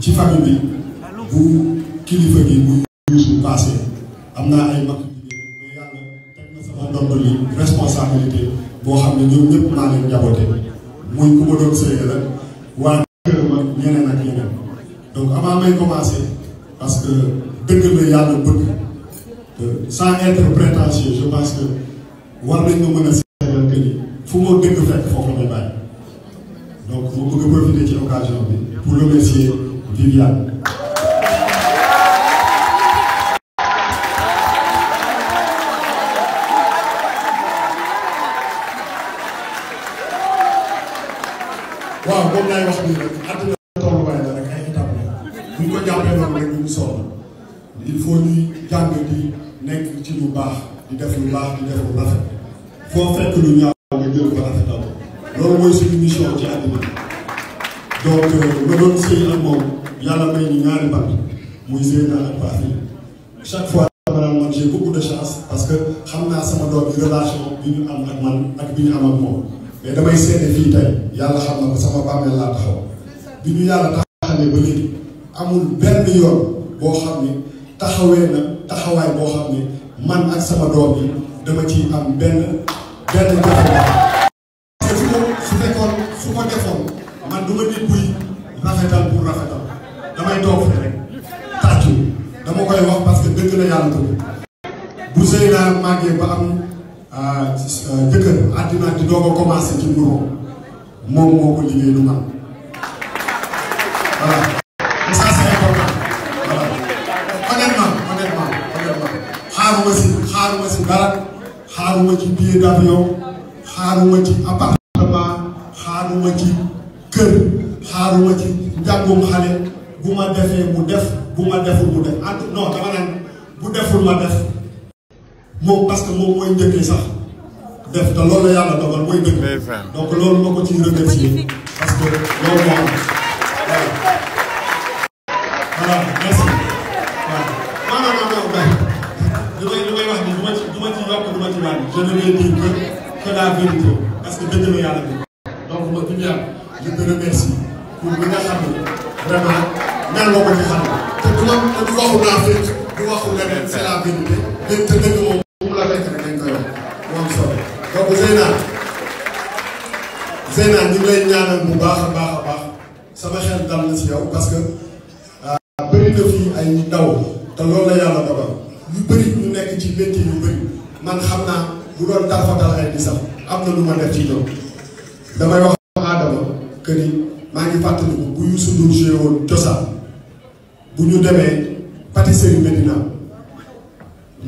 ci famille bi bu kilifa gi bu Youssou passé am naa ay mag jigéen mais yàlla boo xam ne ñoom ñëpp maa leen njaboote muy ku ma doon sëy la waa kër ma ñeneen ak ñeneen donc avant may commencé parce que dëgg la yàlla bëgg euh, sans être prétentieux je pense que war nañ ma mën a seetal que ni fu ma dëgg fekk foofu may bàyyi donc ma bëgg a profiter ci occasion bi pour remercier Viviane. waaw moom laay wax nii rek àdduna tolluwaay la rek ay étape la bu ñu ko jàppee noonu rek ñu soxla il faut ñuy jàng di nekk ci lu baax di def lu baax di def lu rafet foo fekk lu ñaaw nga jël ko rafetal loolu mooy suñu mission ci àdduna bi. donc nga doon sëy moom yàlla may ñu ñaari mag muy Zeyna ak Fafi chaque fois maanaam man parce que xam naa sama doom ak man ak bi ñu am moom mais damay seede fii tey yàlla xam na sama bàmmeel laa taxaw bi ñu yàlla taxawee ba léegi amul benn yoon boo xam ne taxawee na taxawaay boo xam ne man ak sama doom yi dama ci am benn benn jafe-jafe man du ma nit buy rafetal damay toog fii rek tàccu dama koy wax parce que dëgg la yàlla bu sëy naa màggee ba am ah, jëkkër di doog a commencé ci bureau moom moo ko liggéey du man voilà. ça c'est important voilà honnêtement honnêtement honnêtement xaaruma si xaaruma si dara xaaruma ci billet d'avion xaaruma ci appartement xaaruma ci. kër xaaruma ci njàngum xale bu ma defee mu def bu ma deful mu def ant non dama bu deful ma def moom parce moom mooy njëkkee sax def te loolu yàlla dogal mooy dëgg donc loolu ma ko ci du du ma ci wàññi je ne vais dire que que la vérité parce que dëgg la yàlla bi donc ma duñu yàlla je te remercie pour li nga xam ne vraiment mel nga ko ci te du ma du fekk du waxu leneen c'est la xel dal na si yow parce que euh, bëri na fii ay ndaw te la yàlla dogal ñu bëri ñu nekk ci métier yu bëri man xam naa bu doon tarfatal ay di sax am na lu ma def ci damay wax. que ni maa ngi fàttaliku bu Youssou Ndour joué woon cosaan bu ñu demee pâtisserie Medina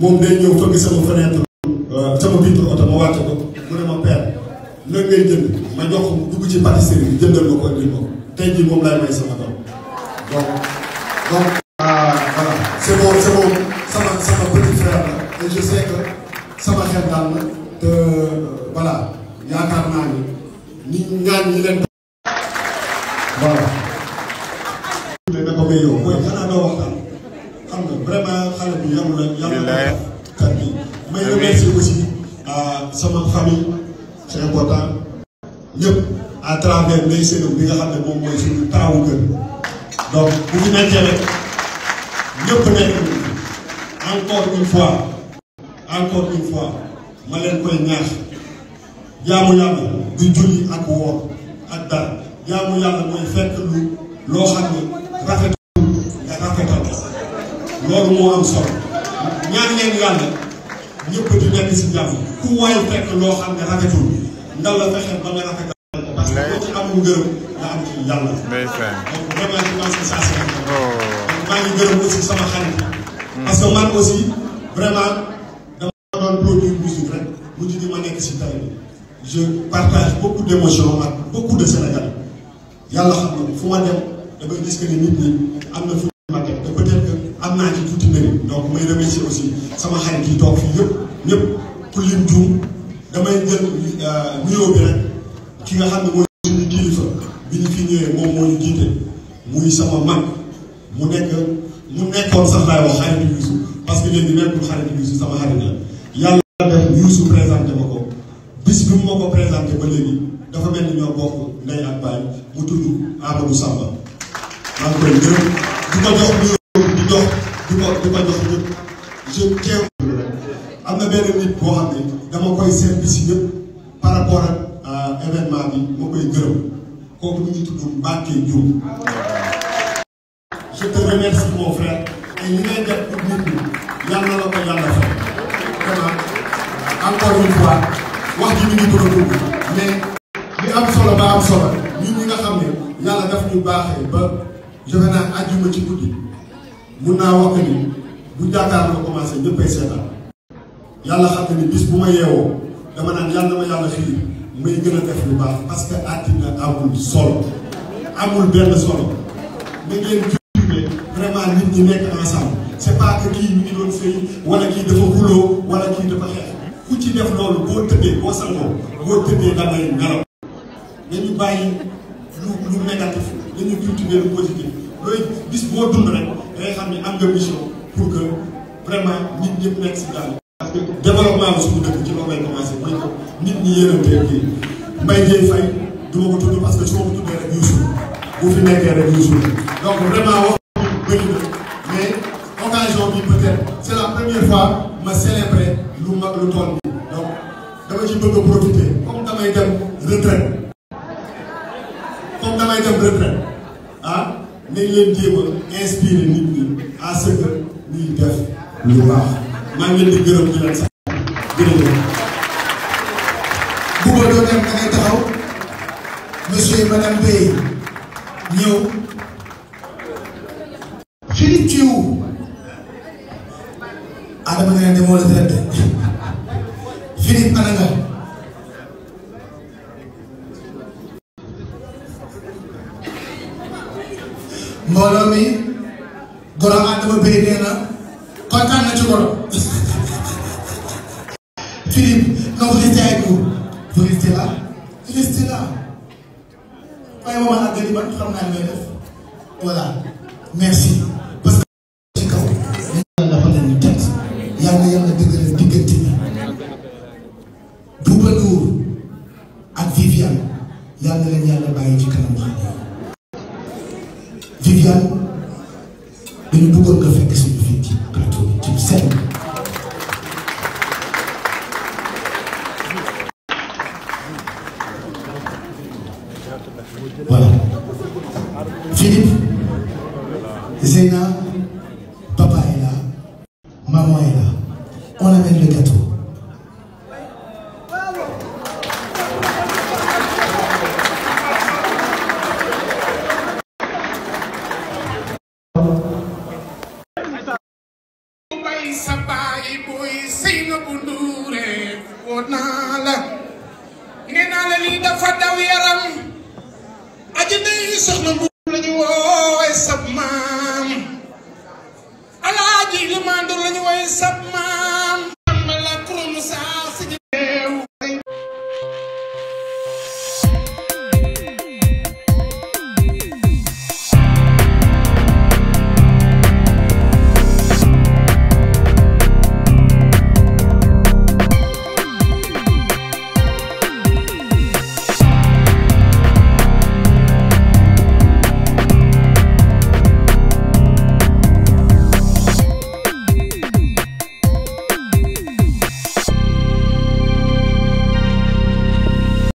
moom day ñëw fëgg sama fenêtre euh, sama vitre oto ma wàcce ko mu ne ma père lan ngay jënd ma jox ko dugg ci pâtisserie bi jëndal ma ko indil ko tey jii moom laay may sama doom donc donc ah, voilà sama sama petit frère la sama xel daal la te euh, naa ni ñi ñaan ñi yàggul rek yàggul rek kan bi may remercier aussi euh, sama famille c'est important ñëpp à travers Ndeye Saly bi nga xam ne moom mooy suñu taawu kër donc bu ñu nekkee rek ñëpp nekk encore une fois encore une fois ma leen koy ñaax jaamu yàlla du julli ak woor ak dara jaamu yàlla mooy fekk lu loo xam ne rafetul nga rafetal loolu moo am solo. ñaan leen yàlla ñëpp di nekk si jàmm ku waay fekk loo xam ne rafetul ndaw la fexe ba nga rafetal ko parce que boo gërëm nga am ci yàlla. donc vraiment je pense que ça c'est important. Oh. maa ngi gërëm sama xarit. Hmm. parce man aussi vraiment dama doon produire rek mu ji di ma nekk si tali bi. je partage beaucoup d'émotions ak beaucoup de Sénégal yàlla xam na fu ma dem damay gis nit ñi am na fu am naa ci tuuti mérite donc may remercier aussi sama xarit yi toog fii yëpp ñëpp ku lim juum damay jël euh, nuyoo bi rek ki nga xam ne mooy suñu kilifa bi ñu fi ñëwee moom moo ñu jiite muy sama mag mu nekk mu nekkoon sax laay wax xarit Youssou parce que léegi nekkul xarit Youssou sama xarit la yàlla def Youssou présenté ma ko bis bi mu ma ba léegi dafa mel ñoo bokk ndey ak baay mu tudd Amadou Samba maa ngi koy gërëm ko jox du ko du ko jox ñëpp je am na benn nit boo xam ne dama koy seet bi si par rapport ak euh, bi ma koy gërëm kooku ñu ngi tudd Mbacke Diouf je te remercie mon frère et li ngay def pour nit ñi yàlla la ko yàlla fay vraiment encore une fois wax ji ñu ngi bëgg a dugg mais li am solo ba am solo ñun ñi nga xam ne yàlla daf ñu baaxee ba joxe naa àjjuma ci guddi mun naa wax ni bu jàkkaar la commencé ñëppay seetaan yàlla xam ne bis bu ma yeewoo dama naan yàlla ma yàlla xiir may gën a def lu baax parce que àddina amul solo amul benn solo da ngeen jëndee vraiment nit ñi nekk c'est pas kii ñu ngi doon sëy wala kii dafa xuloo wala kii dafa xeex ku ci def loolu boo tëddee boo sangoo boo tëddee damay nelaw dañu bàyyi lu lu négatif dañu cultiver lu positif looy bis boo dund rek. da ngay xam ne am nga mission pour que vraiment nit ñëpp nekk si daal. parce que développement bi suñu dëkk ci loolu lay commencé mooy que nit ñi yërëmtee kii Mbaye Dieye Faye du ma ko parce que su ma ko tuddee rek Youssou bu fi nekkee rek Youssou donc vraiment wax bëri na mais occasion bi peut-être la première fois ma célébrer lu mag lu toll nii donc dama ci bëgg a profiter comme damay dem retraite comme damay dem retraite nañ leen jéem a inspiré nit ñi à ce que ñuy def lu baax maa ngi leen di gërëm di leen sax jërëjëf. bu boobaa doo dem da taxaw monsieur et madame Bey ñëw. Philippe Thiou. Adama ah, nga ne demoo la traité Philippe ana nga. mbooloo mi goro Adama Bey nee na kontaan na ci goro Philippe non vous restez avec nous vous restez là restez là waaye moom ak gën man xam naa li may def voilà merci parce que ci kaw yàlla dafa leen di teg yàlla yàlla dëggal diggante bi Bouba Ndour ak Viviane yàlla leen yàlla bàyyi ci kanam xale Viviane dañu bëggoon nga fekk suñu fii ci plateau bi ci seen voilà Philippe Zeyna baay buy sëy na bu woo naa la nee naa la lii dafa daw yaram aji day soxna